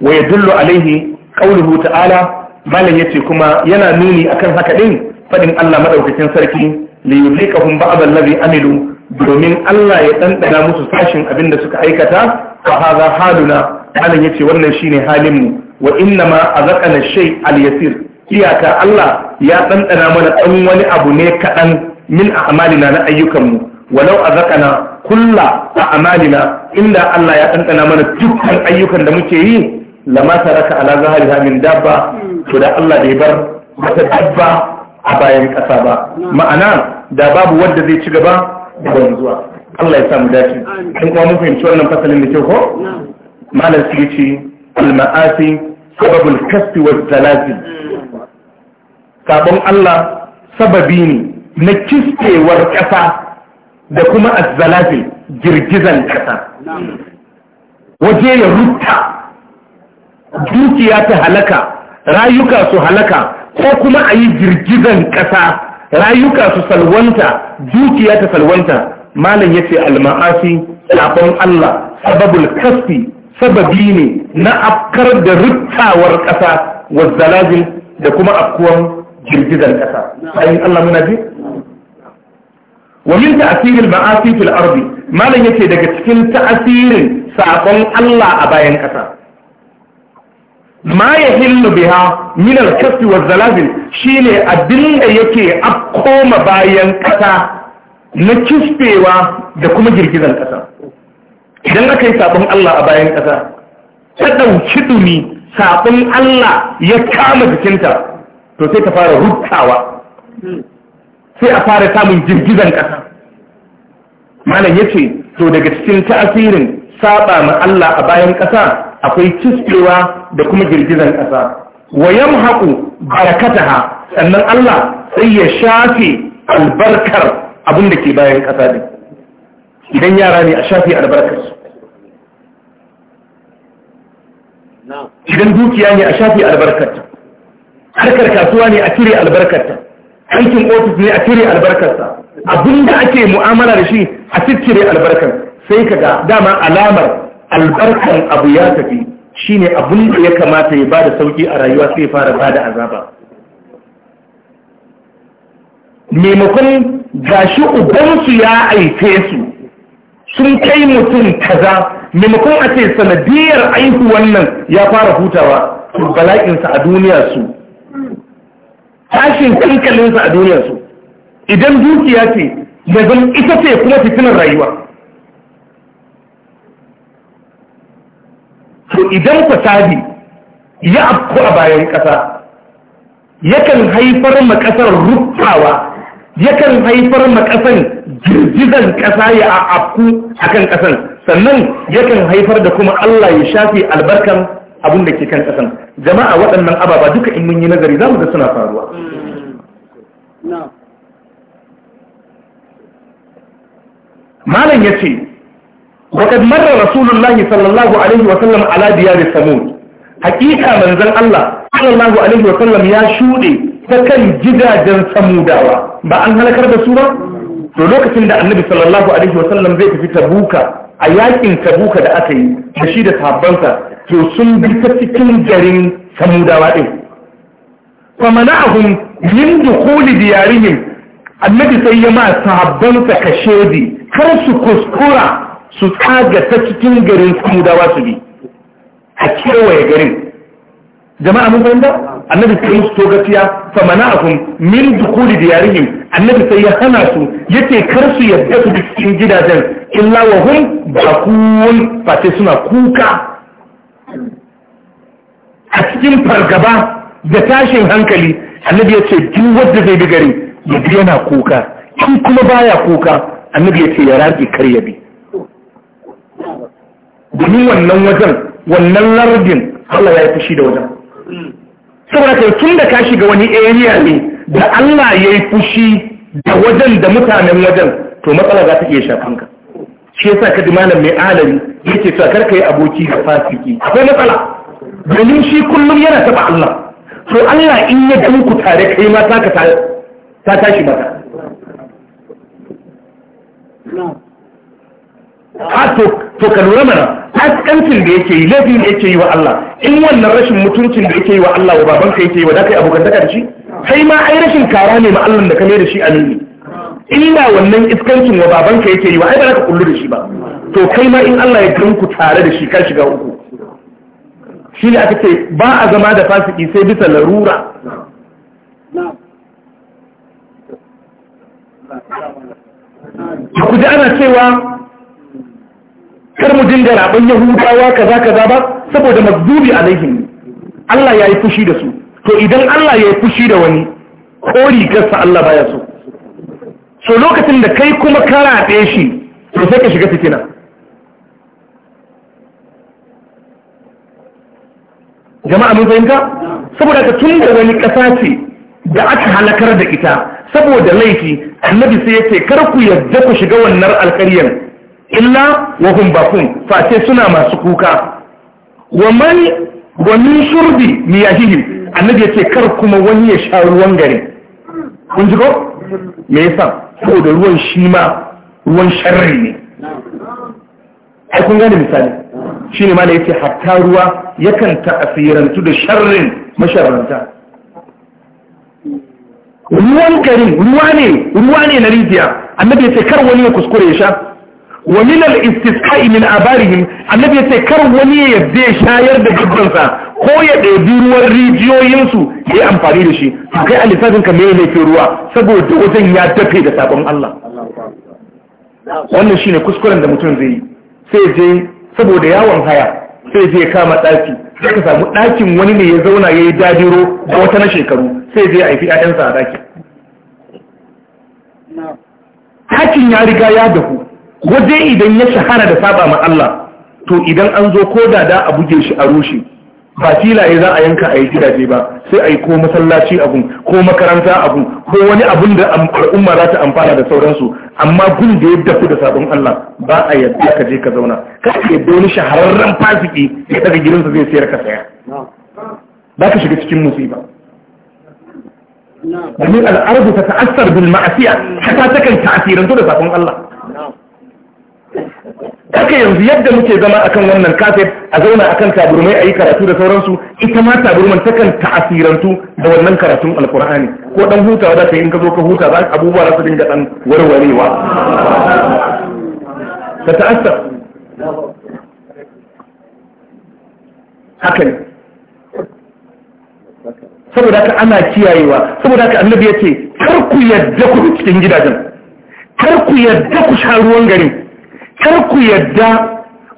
S1: wa yadullu alaihi qauluhu ta'ala malam yace kuma yana nuni akan haka din fadin Allah madaukakin sarki li yulikahum ba'd allazi amilu domin Allah ya ɗanɗana musu sashin abin da suka aikata a haza haluna malam yace wannan shine halin mu wa inna ma azaqana shai al yasir iyaka Allah ya ɗanɗana mana ɗan wani abu ne kaɗan min a'malina na ayyukan mu walau azaqana kulla a'malina inda Allah ya ɗanɗana mana dukkan ayyukan da muke yi lama taraka ala zahariha min dabba to da Allah bai bar wata dabba a bayan ƙasa ba ma'ana da babu wanda zai ci gaba da zuwa Allah ya sa mu dace in kuma mun fahimci wannan fasalin da kyau ko malam su ce al-ma'asi sababul kasbi wa zalazi sabon Allah sababi ne na kiskewar ƙasa da kuma azzalafi girgizan ƙasa waje ya rutta dukiya ta halaka rayuka su halaka ko kuma a yi girgizan ƙasa rayuka su salwanta dukiya ta salwanta malam yace alma'asi maasi sabon Allah sababul kasfi sababi ne na afkar da ruttawar kasa wa zalazil da kuma afkuwan girgizar kasa ayin Allah muna ji wa min ta'siril ma'asi fil ardi malam yace daga cikin ta'asirin sabon Allah a bayan kasa ma ya hillu biha minal kasfi wa zalazil shine abinda da yake afkoma bayan kasa na kispewa da kuma girgizan kasa idan aka yi sabon Allah a bayan kasa ta ɗauki dumi sabon Allah ya kama jikinta to sai ta fara rukawa, sai a fara samun girgizan kasa malam yace to daga cikin ta'asirin saba ma Allah a bayan ƙasa akwai cuskewa da kuma girgizan ƙasa wa haƙu, barakataha sannan Allah sai ya shafe albarkar abin da ke bayan ƙasa din idan yara ne a shafe albarkar su idan dukiya ne a shafe albarkarta harkar kasuwa ne a cire albarkarta aikin ofis ne a cire albarkarsa da ake mu'amala da shi a cire albarkarsa sai ka ga dama alamar albarkar abu ya tafi shine abin da ya kamata ya bada sauki a rayuwa sai fara bada azaba maimakon gashi ubansu ya aike su sun kai mutum kaza maimakon a ce sanadiyar aihu wannan ya fara hutawa bala'insa a duniya su tashin hankalinsa a duniyarsu idan dukiya ce da zan ita ce kuma fitinar rayuwa to idan fasadi ya afku a bayan ƙasa yakan haifar ma ƙasar rufawa yakan haifar ma girgizan ƙasa ya afku a kan ƙasar sannan yakan haifar da kuma Allah ya shafi albarkan abin da ke kan ƙasar jama'a waɗannan ababa duka in mun yi nazari za mu ga suna faruwa malam ya ce وقد مر رسول الله صلى الله عليه وسلم على ديار ثمود حقيقة من ذن الله صلى الله عليه وسلم يا شودي تكن جداجا ثموداوا بأن هلكر بسورة لوكة عند النبي صلى الله عليه وسلم زيت في تبوكا أياكين تبوكا دا أتي بشيدة حبانسا يوصن بكتكين جرين ثموداوا إيه فمنعهم من دخول ديارهم النبي سيما صحبانسا كشيدي كرسو كسكورا su tsaga ta cikin garin samudawa su bi a kewaye garin jama'a mun fahimta annabi sai yi to gafiya fa mana'akum min dukuli diyarihim annabi sai ya hana su yace kar su yadda su bi cikin gidajen illa wa hum bakun fa sai suna kuka a cikin fargaba da tashin hankali annabi ya ce duk wanda zai bi gari ya bi yana kuka in kuma baya kuka annabi ya ce ya rage kar ya bi domin wannan wajen wannan lardin Allah ya yi fushi da wajen saboda kai tun da ka shiga wani area ne da Allah ya yi fushi da wajen da mutanen wajen to matsala za ta iya shafan ka shi yasa ka ji malam mai alami yake cewa karka yi aboki da fasiki akwai matsala domin shi kullum yana taba Allah to Allah in ya ku tare kai ma ta tashi mata a to ka lura mana haskancin da yake yi laifin da yake yi wa Allah in wannan rashin mutuncin da yake yi wa Allah wa babanka yake yi wa da kai abokan da shi kai ma ai rashin kara ne ma Allah da ka da shi amini illa wannan iskancin wa babanka yake yi wa ai ba za ka kullu da shi ba to kai ma in Allah ya ganku tare da shi kar shiga uku shi ne aka ce ba a zama da fasiki sai bisa larura ku ji ana cewa kar mu dinga raban yahudawa kaza kaza ba saboda mazdubi alaihim Allah ya yi fushi da su to idan Allah ya yi fushi da wani ko rigarsa Allah baya so so lokacin da kai kuma karata raɓe shi to sai ka shiga fitina jama'a mun fahimta saboda ka tun da wani ƙasa ce da aka halakar da ita saboda laifi annabi sai ya ce kar ku yarda ku shiga wannan alƙaryar illa wa hum bakun face suna masu kuka wa mai wa min shurbi miyahihim annabi yace kar kuma wani ya sha ruwan gari kun ji ko me yasa saboda ruwan shi ma ruwan sharri ne ai kun gane misali shine ma da yace hatta ruwa yakan ta'asirantu da sharrin masharranta ruwan garin ruwa ne ruwa ne na rijiya annabi ya ce kar wani ya kuskure ya sha wa min al-istisqa'i min abarihim annabi yace kar wani ya yarda ya shayar da dabbansa ko ya ɗebi ruwan rijiyoyinsu ya yi amfani da shi to kai alisafin ka mene laifin ruwa saboda wajen ya dafe da sabon Allah wannan shine kuskuren da mutum zai yi sai je saboda yawon haya sai je kama ɗaki sai ka samu ɗakin wani ne ya zauna yayi yi dajiro da wata na shekaru sai je a haifi a ɗaki. Hakin ya riga ya dahu waje idan ya shahara da saba ma Allah to idan an zo ko da da a buge shi a rushe ba filaye za a yanka a yi gidaje ba sai a yi ko masallaci abun ko makaranta abun ko wani abun da al'umma za ta amfana da sauransu amma gun da ya dafu da sabon Allah ba a yadda ka je ka zauna ka yadda wani shahararren fasiki ya daga gidansa zai sayar ka saya ba ka shiga cikin musiba
S2: domin al'arzu
S1: ta ta'assar bil ma'asiya ta ta takan ta'asirantu da sabon Allah kaka yanzu yadda muke zama akan wannan kafet a zauna akan taburmai a yi karatu da sauransu ita ma taburman takan ta'asirantu da wannan karatun alkur'ani ko dan hutawa za ka yi in ka zo ka huta za abubuwa za su dinga dan warwarewa ta ta'assar haka ne saboda haka ana kiyayewa saboda haka annabi ya ce kar ku yadda ku cikin gidajen kar ku yadda ku sha ruwan garin kar ku yadda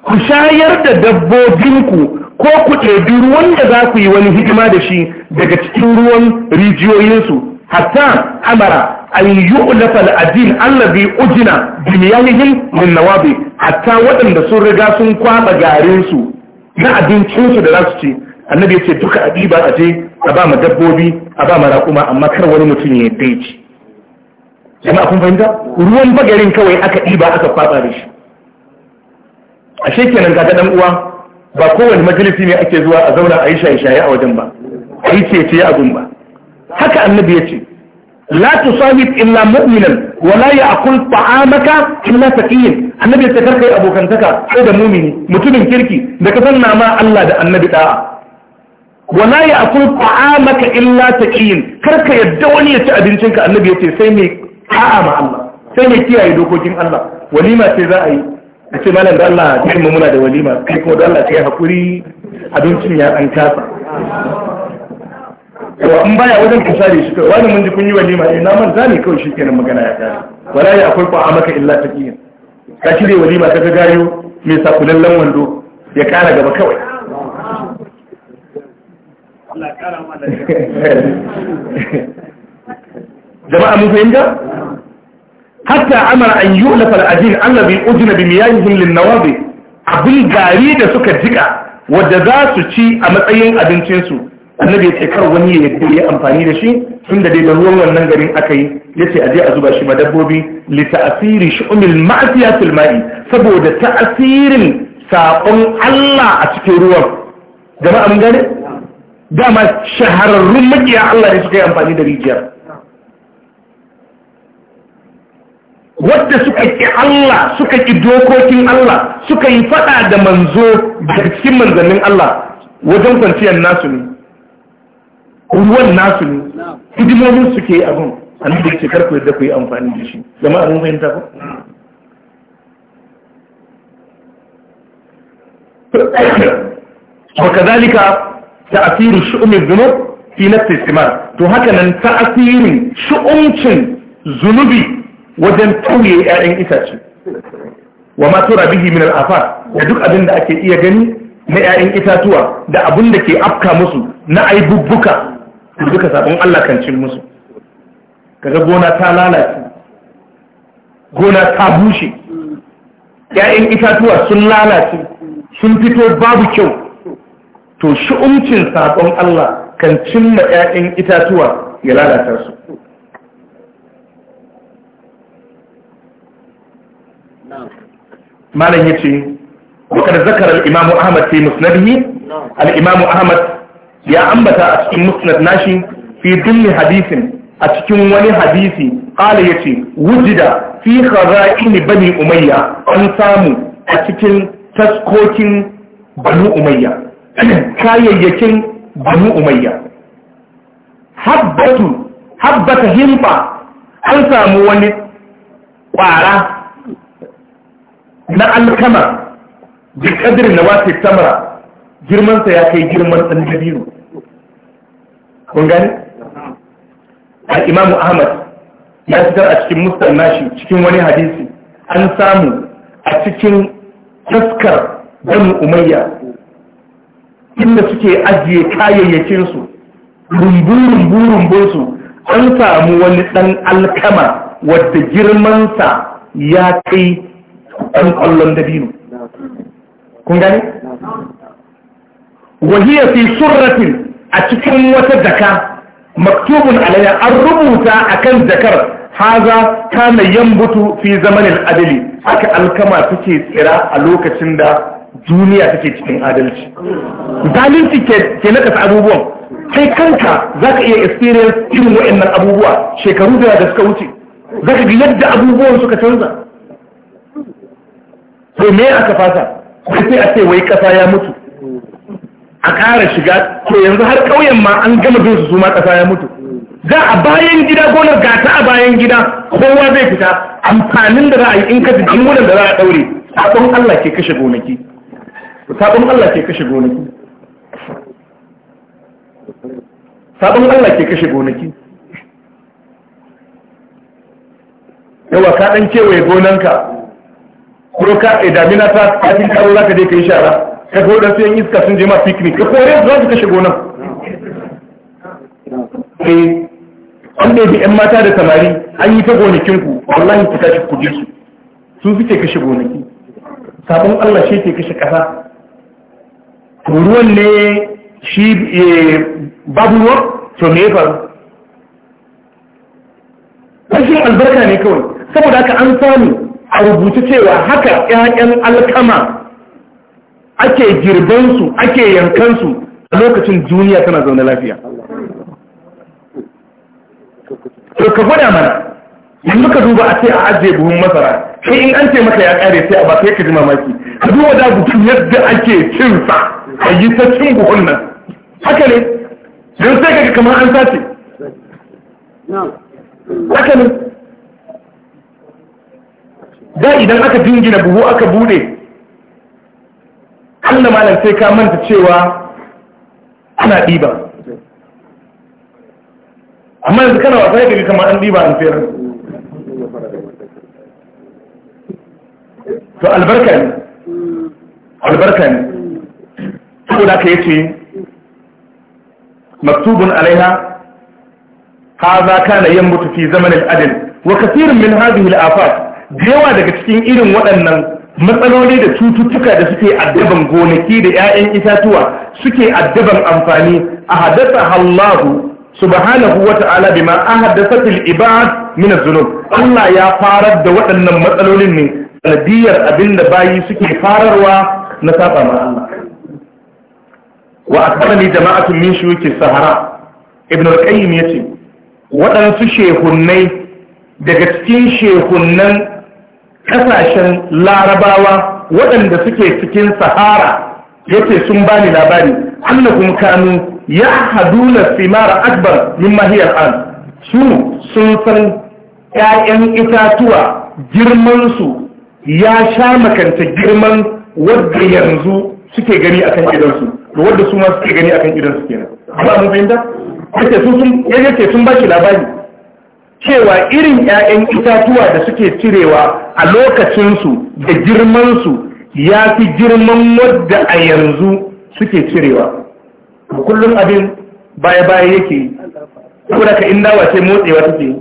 S1: ku shayar da dabbobinku ko ku ɗebi ruwan da za ku yi wani hidima da shi daga cikin ruwan rijiyoyinsu hatta amara an yi ulafal adin allabi ujina bimiyahihim min nawabi hatta waɗanda sun riga sun kwaɓa garinsu na abincinsu da za su ce, annabi ya ce duka a ba a je a ba ma dabbobi a ba ma raƙuma amma kar wani mutum ya daici jama'a kun fahimta ruwan bagarin kawai aka ɗiba aka kwaɓa da shi ashe shekenan ga dan uwa ba kowane majalisi ne ake zuwa a zauna a yi shaye-shaye a wajen ba a yi cece a gun ba haka annabi ya ce la tusahib illa mu'minan wa la ya'kul ta'amaka illa taqiyyin annabi ya ce karka yi abokantaka sai da mumini mutumin kirki da ka nama ma Allah da annabi da'a wa la ya'kul ta'amaka illa taqiyyin karka yadda wani ya ci abincinka annabi ya ce sai mai ta'a ma Allah sai mai kiyaye dokokin Allah walima ce za a yi a ce malam da Allah cikin muna da walima kai kuma da Allah yi hakuri abincin ya an kasa
S2: to an baya wajen
S1: ka shi kai wani mun ji kun yi walima eh na manta ne kawai shikenan magana ya kare wallahi akwai ko amaka illa taqiyin ka cire walima ka ga gayo mai lallan wando ya kara gaba kawai *laughs* jama'a mun fahimta hatta amara an yi ulafar ajin allazi ujina bi miyayihin linnawabi abin gari da suka jika wadda za su ci a matsayin abincinsu annabi ya ce kar wani ya yi ya amfani da shi sun da dai da ruwan wannan garin aka yi ya ce aje a zuba shi ma dabbobi li ta'asiri shu'umil ma'asiya fil saboda ta'asirin saƙon Allah a cikin ruwan jama'a mun gane dama shahararrun makiya Allah ne suka yi amfani da rijiyar wadda suka ƙi Allah suka ƙi dokokin Allah suka yi faɗa da manzo daga cikin manzannin Allah wajen kwanciyar nasu ne ruwan nasu ne hidimomin suke yi abin an da ke karku da ku yi amfani da shi zama a abin fahimta ba وكذلك تأثير شؤم الذنوب في To haka nan ta تأثير شؤمتين zunubi. wajen tauye 'ya'yan itace wa ma tura bihi min al'afa da duk abin da ake iya gani na 'ya'yan itatuwa da abin da ke afka musu na aibubbuka duka sabon Allah kan cin musu kaga gona ta lalace gona ta bushe 'ya'yan itatuwa sun lalace sun fito babu kyau to shi'uncin sabon Allah kan cimma 'ya'yan itatuwa ya lalata su malam yace wakar zakar al-imam ahmad fi musnadih al-imam ahmad ya ambata a cikin musnad nashi fi dulli hadisin a cikin wani hadisi qala yace wujida fi khara'in bani umayya an samu a cikin taskokin bani umayya *clears throat* kayayyakin bani umayya habbatu habbata himba an samu wani ƙwara. na alkama bi kadri na wace tamara girmansa ya kai girman ɗan dabino kun gani a imamu ahmad ya fitar a cikin mustan nashi cikin wani hadisi an samu a cikin taskar banu umayya inda suke ajiye kayayyakinsu rumbu-rumbu-rumbunsu an samu wani ɗan alkama wadda girmansa ya kai ɗan ƙwallon dabino kun gani wahiyar fi surratin a cikin wata daka maktubun alayya an rubuta a kan jakar haza kana yambutu fi zamanin adali haka alkama suke tsira a lokacin da duniya take cikin adalci zalunci ke nakasa abubuwan kai kanka za ka iya experience irin wa'annan abubuwa shekaru da suka wuce za ka ga yadda abubuwan suka canza to me aka fasa sai a ce wai kasa ya mutu a ƙara shiga to yanzu har ƙauyen ma an gama bin su ma ƙasa ya mutu za a bayan gida gonar gata a bayan gida kowa zai fita amfanin da za a yi in ka jikin wurin da za a ɗaure sabon Allah ke kashe gonaki sabon Allah ke kashe gonaki sabon Allah ke kashe gonaki yawa ka kewaye gonanka ko ka eh, damina ta kafin karo za ka je ka yi shara ka ga wadansu sai iska sun je ma picnic ka kore su za su kashe gonan eh an da yan mata da samari an yi ta gonakin ku wallahi ku tashi ku su su suke kashe gonaki sabon Allah shi ke kashe kasa ruwan ne shi eh, babu ruwa to me faru rashin albarka ne kawai saboda haka an samu a rubuta cewa haka ƴaƴan alkama ake girbansu ake yankansu a lokacin duniya tana zaune lafiya to ka gwada mana yanzu ka duba a ce a ajiye buhun masara sai in an ce maka ya kare sai a ba sai ka ji mamaki ka duba da buhun yadda ake cin sa a yi ta cin buhun nan haka ne don sai ka kamar an sace haka ne da idan aka jingina buhu aka bude Allah malam sai ka manta cewa ana ɗiba amma yanzu kana wasa yadda kama an ɗiba an tsere to albarka ne albarka ne saboda ka yace maktubun alaiha haza kana yambutu fi zamanin adil wa kasirin min hadhihi al-afat da yawa daga cikin irin waɗannan matsaloli da cututtuka da suke addaban gonaki da 'ya'yan itatuwa suke addaban amfani a haddasa Allah subhanahu wa ta'ala bima haddasa fil ibad min az-zunub Allah ya farar da waɗannan matsalolin ne sanadiyar abinda bayi suke fararwa na saba ma Allah wa akbarani jama'atun min shuyuki sahara ibn al-qayyim yace waɗansu shehunnai daga cikin shehunnan kasashen larabawa waɗanda suke cikin sahara ya ce sun bani labari annahum kanu ya haduna simara akbar min mahiyar an su sun san 'ya'yan itatuwa girmansu ya sha makanta girman wadda yanzu suke gani akan idansu da wadda su ma suke gani akan idansu kenan ba mu fahimta yake sun yake sun baki labari cewa irin 'ya'yan itatuwa da suke cirewa a lokacinsu da girmansu ya fi girman wadda a yanzu suke cirewa kullum abin baya-baya yake yi saboda ka inda wace motsewa take yi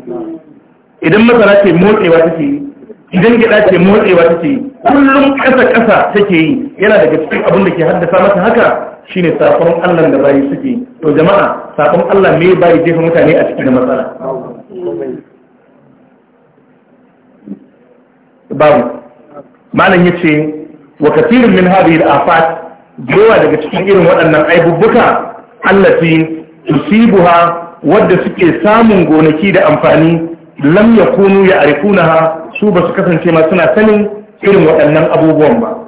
S1: idan masara ce motsewa take yi idan gida ce motsewa take yi kullum ƙasa-ƙasa take yi yana daga cikin abin da ke haddasa masa haka shine sakon allah da bayi suke to jama'a sakon allah me bayi jefa mutane a cikin matsala babu malam ya ce wa kafirin min hadhihi al-afat yawa daga cikin irin waɗannan aibubbuka allati tusibuha wadda suke samun gonaki da amfani lam yakunu ya'rifunaha su ba su kasance ma suna sanin irin waɗannan abubuwan ba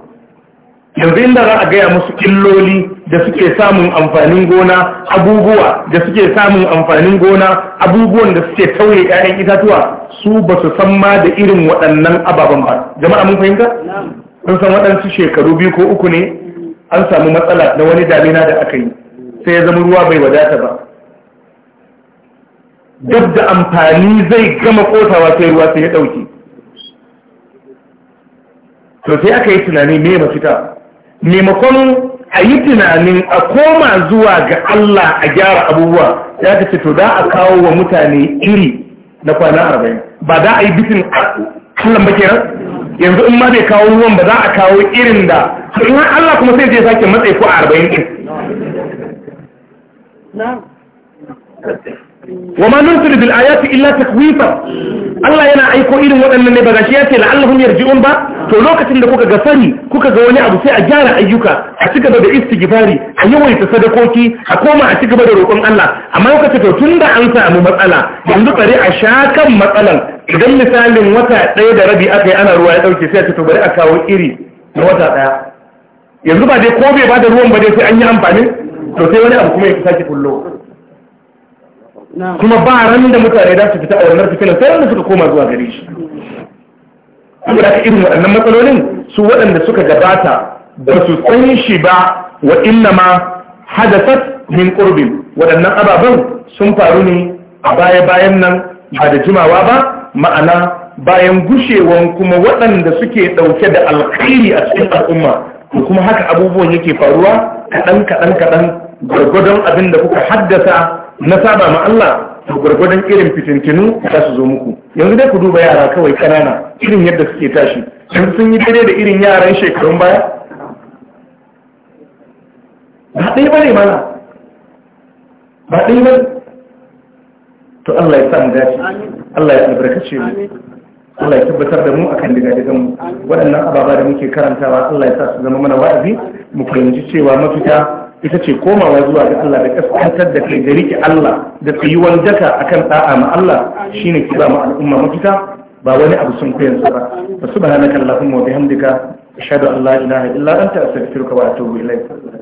S1: yanzu inda za a gaya musu illoli da suke samun amfanin gona abubuwa da suke samun amfanin gona abubuwan da suke tauye 'ya'yan itatuwa su ba su san ma da irin waɗannan ababen ba jama'a mun fahimta sun san waɗansu shekaru biyu ko uku ne an samu matsala na wani damina da aka yi sai ya zama ruwa bai wadata ba duk da amfani zai gama kotawa sai ruwa sai ya ɗauke to sai aka yi tunani me mafita maimakon a yi tunanin a koma zuwa ga Allah a gyara abubuwa ya ta ce to za a kawo wa mutane iri na kwana arba'in ba za a yi bitin kallon bakiran yanzu in ma bai kawo ruwan ba za a kawo irin da in Allah kuma sai zai sake matsayi ko arba'in ɗin wa ma nursilu bil illa takwifa Allah yana aiko irin waɗannan ne ba gashi ya ce la'allahum yarji'un ba to lokacin da kuka ga sani kuka ga wani abu sai a gyara ayyuka a ci gaba da istighfari a yawaita sadakoki a koma a cigaba da roƙon Allah amma kuka ce to tunda an samu matsala yanzu bari a sha kan idan misalin wata ɗaya da rabi aka ana ruwa ya ɗauke sai a ce bari a kawo iri na wata ɗaya yanzu ba dai ko bai ba da ruwan ba dai sai an yi amfani to sai wani abu kuma ya saki kullo kuma ba ran da mutane za su fita a wannan fitilar sai wanda suka koma zuwa gari shi saboda irin waɗannan matsalolin su waɗanda suka gabata ba su san shi ba wa inna ma hadasat min qurbin waɗannan ababen sun faru ne a baya-bayan nan ba da jimawa ba ma'ana bayan gushewan kuma waɗanda suke ɗauke da alkhairi a cikin al'umma kuma haka abubuwan yake faruwa kaɗan kaɗan kaɗan gwargwadon abin da kuka haddasa na saba ma Allah to gwargwadon irin fitintinu za su zo muku yanzu dai ku duba yara kawai kanana irin yadda suke tashi yanzu sun yi daidai da irin yaran shekarun baya ba ɗaya bane mana ba ɗaya bane to Allah ya samu dace Allah ya albarkace mu Allah ya tabbatar da mu akan digadigan mu waɗannan ababa da muke karantawa Allah ya sa su zama mana wa'azi mu fahimci cewa mafita ita ce komawa zuwa ga Allah da kaskantar da kai da riƙe Allah da tsayuwar daka akan da'a ma Allah shine ki ba mu al'umma mafita ba wani abu sun koyan su ba subhanaka allahumma wa bihamdika ashhadu an la ilaha illa anta astaghfiruka wa atubu ilayk